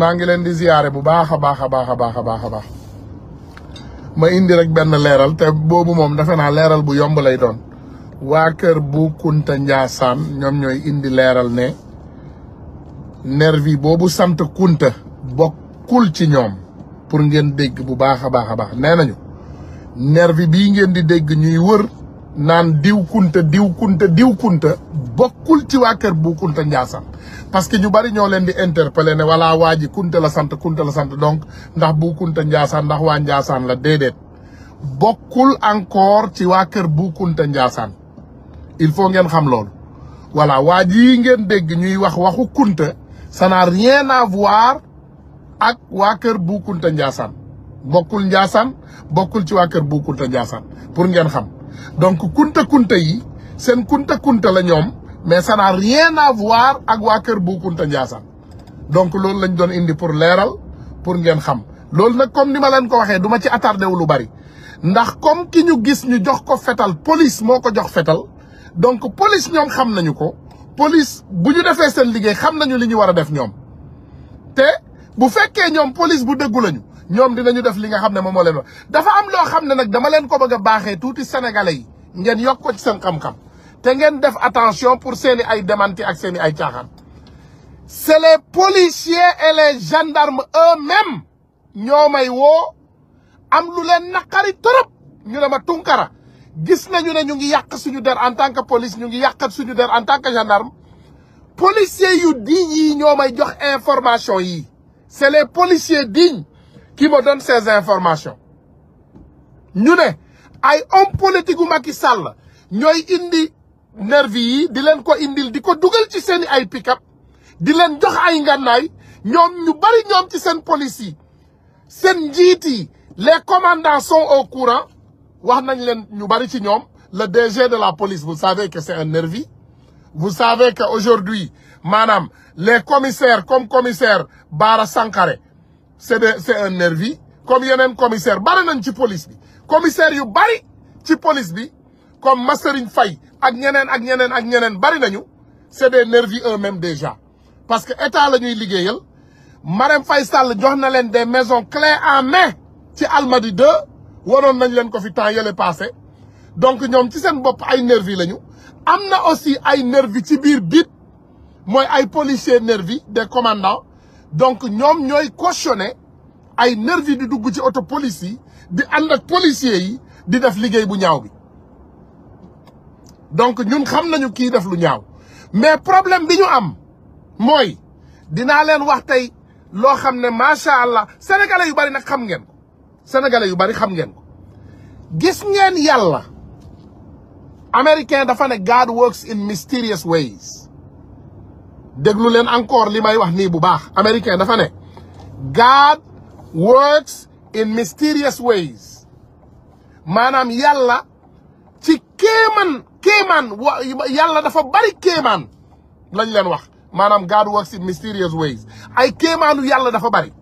maa ngi leen di ziyaare bu baax a baax a baax a baax a baax a baax ma indi rek benn leeral te boobu moom defe naa leeral bu yomb lay doon waa kër bu Kunta Njaasaan ñoom ñooy indi leeral ne nervi boobu sant Kunta bokkul ci ñoom pour ngeen dégg bu baax a baax a baax nee nañu nervi bi ngeen di dégg ñuy wër naan diw kunta diw kunta diw kunta bokkul ci waa kër bu kunta Ndiassane parce que ñu bari ñoo leen di interpeller ne wala waa ji kunta la sant kunta la sant donc ndax bu kunta Ndiassane ndax waa Ndiassane la déedéet bokkul encore ci waa kër bu kunta Ndiassane il faut ngeen xam loolu voilà waa ji ngeen dégg ñuy wax waxu kunta ça n'a rien à ak waa kër bu kunta Ndiassane bokkul Ndiassane bokkul ci waa kër bu kunta Ndiassane pour ngeen xam donc kunta kunta yi seen kunta kunta la ñoom mais ça n'a rien à ak waa kër bu kunta Ndiassane donc loolu lañ doon indi pour leeral pour ngeen xam loolu nag comme ni ma leen ko waxee duma ci attardé wu lu bari ndax comme ki ñu gis ñu jox ko fetal police moo ko jox fetal donc police ñoom xam nañu ko police bu ñu defee seen liggéey xam nañu li ñu war a def ñoom te bu fekkee ñoom police bu dëggu lañu ñoom dinañu def li nga xam ne moom moo leen wax dafa am loo xam ne nag dama leen ko bëgg baaxee tuuti sénégalais yi ngeen yokk ko ci xam-xam te ngeen def attention pour seeni ay démenti ak seeni ay caaxaan c'est les policiers et les gendarmes eux-mêmes ñoo may woo am lu leen naqari trop ñu ne ma tunkara gis nañu ne ñu ngi yàq suñu der en tant que police ñu ngi yàqat suñu der en tant que gendarme policiers yu digne yi ñoo may jox information yi c'est les policier dignes qui me donne ces informations ñu ne ay homme politique u Macky Sall ñooy indi nervi yi di leen ko indil di ko dugal ci seen ay pick di leen jox ay ngànnaay ñoom ñu bari ñoom ci seen police yi seen njiit yi les commandants au courant wax nañ leen ñu bari ci ñoom le DG de la police vous savez que c'est un nervi vous savez que aujourd'hui maanaam les commissaires comme commissaire Bara Sankaré c'est de c'est un nervi comme yeneen commissaire bari nañ ci police bi commissaire yu bari ci police bi comme Masserigne Faye ak ñeneen ak ñeneen ak ñeneen bari nañu c'est des nervis eux-mêmes déjà parce que état la ñuy liggéeyal Marème Faye Sall jox na leen des maisons clés en mais ci Almadi 2 waroon nañ leen ko fi temps yële passé donc ñoom ci seen bopp ay nervi lañu am na aussi ay nervi ci biir biit mooy ay policiers nervi des commandants donc ñoom ñooy cautionné ay nervi di dugg ci oto police yi di ànd ak policiers yi di def liggéey bu ñaaw bi donc ñun xam nañu kii def lu ñaaw mais problème bi ñu am mooy dinaa leen wax tey loo xam ne macha allah sénégalais yu bari nag xam ngeen ko sénégalais yu bari xam ngeen ko gis ngeen yàlla américain dafa ne God works in mysterious ways déglu leen encore li may wax nii bu baax américain dafa ne God works in mysterious ways maanaam yàlla ci kéemaan kéemaan wa yàlla dafa bari kéemaan lañ leen wax maanaam God works in mysterious ways ay kéemaanu yàlla dafa bari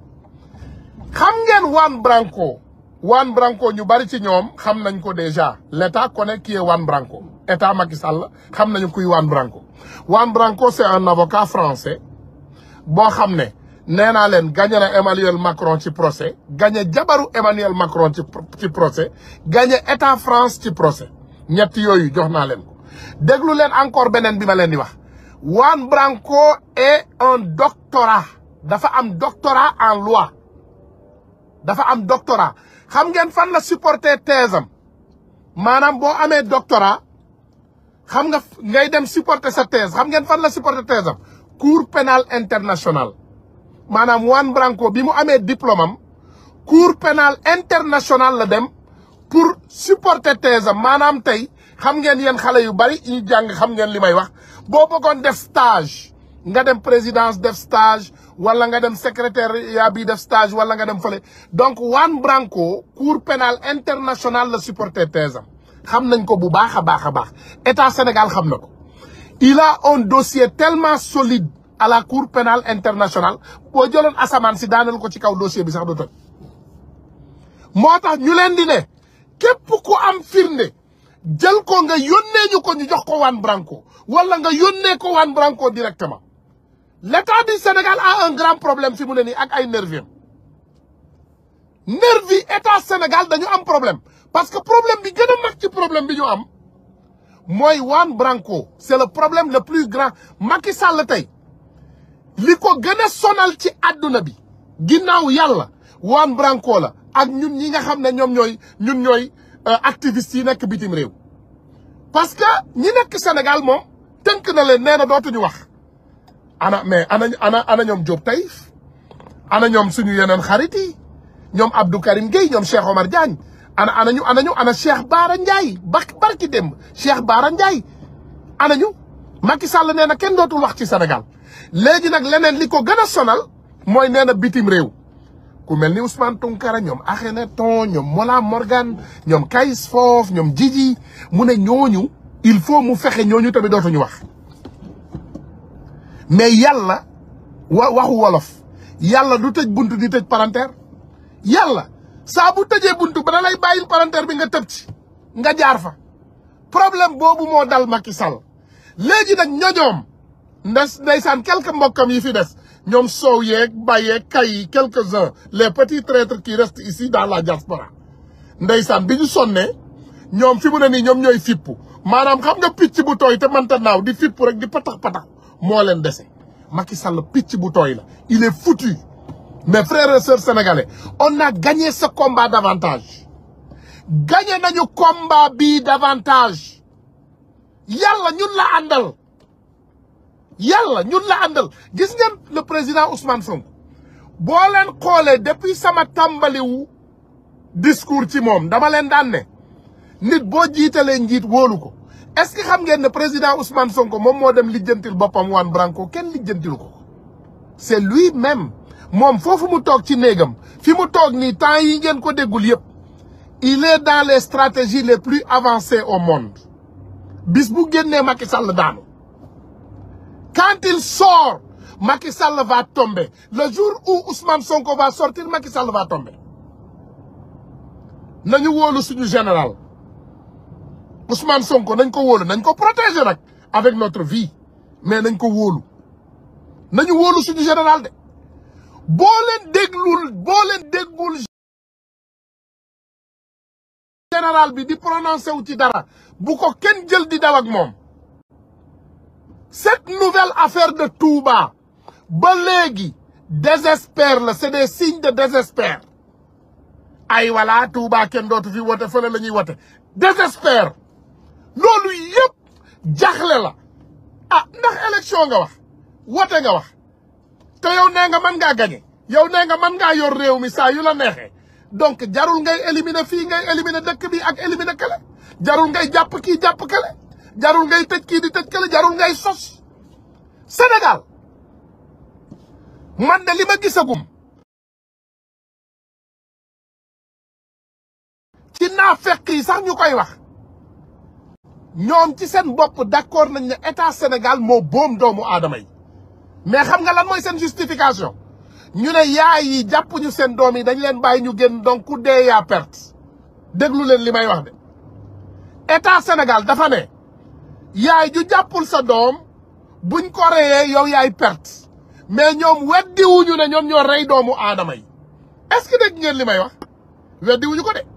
xam ngeen Juan Branco Juan Branco ñu bari ci ñoom xam nañ ko déjà l'État connaît qui est Juan Branco état Macky Sall xam nañu kuy Juan Branco Juan Branco c'est un avocat français boo xam ne nee naa leen gagné na Emmanuel Macron ci procès gagné jabaru Emmanuel Macron ci ci procès gagné état France ci procès ñett yooyu jox naa leen ko déglu leen encore beneen bi ma leen di wax Juan Branco est un doctorat dafa am doctorat en loi dafa am doctorat xam ngeen fan la supporter thèse am maanaam boo amee doctorat xam nga ngay dem supporter sa thèse xam ngeen fan la supporter thèse am cour international maanaam Juan Branco bi mu amee diplôme am cour pénal international la dem pour supporter thèse am maanaam tey xam ngeen yéen xale yu bari yi jàng xam ngeen li may wax boo bëggoon def stage nga dem présidence def stage wala nga dem secrétariat bi def stage wala nga dem fële donc waan Branco cour pénal international la supporter thèse xam nañ ko bu baax a baax a baax état Sénégal xam na ko il a un dossier tellement solide à la cour pénale international boo jëloon asamaan si daaneel ko ci kaw dossier bi sax du toj moo tax ñu leen di ne képp ku am firnde jël ko nga yónnee ñu ko ñu jox ko waan Branco wala nga yónnee ko waan Branco directement l'état du Sénégal a un grand problème fi mu ne nii ak ay nervi nervi état Sénégal dañu am problème parce que problème bi gën a mag ci problème bi ñu am mooy Juan Branco c'est le problème le plus grand Macky Sall tey li ko gën a sonal ci àdduna bi ginnaaw yàlla Juan Branco la ak ñun ñi nga xam ne ñoom ñooy ñun ñooy euh, activistes yi nekk bitim réew parce que ñi nekk Sénégal moom tënk na leen nee na dootuñu wax ana mais ana ana ana ñoom Diop Taïf ana ñoom suñu yeneen xarit yi ñoom Abdou Karim Gueye ñoom Cheikh Omar Diagne ana ana ñu ana ñu ana Cheikh Baara Ndiaye ba barki dem Cheikh Baara Ndiaye ana ñu Macky Sall nee na kenn dootul wax ci senegal léegi nag leneen li ko gën a sonal mooy nee na bitim réew ku mel ni Ousmane Tounkara ñoom Akhenaton ñoom Mola Morgan ñoom Kayz Fof ñoom Jiji mu ne ñooñu il faut mu fexe ñooñu tamit dootuñu wax. mais yàlla wa waxu wolof yàlla du tëj bunt di tëj palanteer yàlla saa bu tëjee bunt ba da lay bàyyil palanteer bi nga tëb ci nga jaar fa problème boobu moo dal Macky Sall léegi nag ñoñoom ndes ndeysaan quelques mbokkam yi fi des ñoom soow yee bàyyee kay yi quelques-uns les petits traitre kii rest ici dans la diaspora ndeysaan bi ñu sonnee ñoom fi mu ne nii ñoom ñooy fippu maanaam xam nga picc bu tooy te mënta naaw di fippu rek di patax patax moo leen dese Macky Sall picc bu tooy la il est foutu mes frères et sœurs sénégalais on a gagné ce combat davantage gañe nañu komba bi davantage yàlla ñu la àndal yàlla ñu la àndal gis ngeen le président Ousmane Sonko boo leen xoolee depuis sama tàmbaliwu discours ci moom dama leen daan nit boo jiitalee njiit wóolu ko est-ce que xam ngeen ne président Ousmane Sonko moom moo dem lijjantil boppam Juan Branco kenn lijjantilu ko c'est lui-même moom foofu mu toog ci néegam fi mu toog nii temps yi ngeen ko déggul yëpp il est dans les stratégies les plus avancées au monde bis bu génnee Macky Sall daanu quand il sort Macky Sall va tomber le jour où Ousmane Sonko va sortir Macky Sall va tomber nañu wóolu suñu général Ousmane Sonko nañ ko wóolu nañ ko protéger nag avec notre vie mais nañ ko wóolu nañu wóolu suñu général de boo bi di prononcé wu ci dara bu ko kenn jël di daw ak moom cette nouvelle affaire de Touba ba léegi désespère la c'est des signes de désespoir ay voilà Touba kenn dootu fi wote fële la ñuy wote désespère loolu yépp jaxle la ah ndax élection nga wax wote nga wax te yow nee nga mën ngaa gañe yow nee nga mën nga yor réew mi saa yu la neexee donc jarul ngay éliminer fii ngay éliminer dëkk bi ak éliminer kale jarul ngay jàpp kii jàpp kale jarul ngay tëj kii di tëj kale jarul ngay sos Sénégal man de li ma gisagum ci naa fekk yi sax ñu koy wax ñoom ci seen bopp d'accord nañ ne état Sénégal moo boom doomu aadama yi mais xam nga lan mooy seen justification ñu ne yaay yi jàppuñu seen doom yi dañ leen bàyyi ñu génn donc ku dee yaa perte déglu leen li may wax de état Sénégal dafa ne yaay ju jàppul sa doom buñ ko reyee yow yaay perte mais ñoom weddiwuñu ne ñoom ñoo rey doomu aadama yi est-ce que dégg ngeen li may wax weddiwuñu ko de.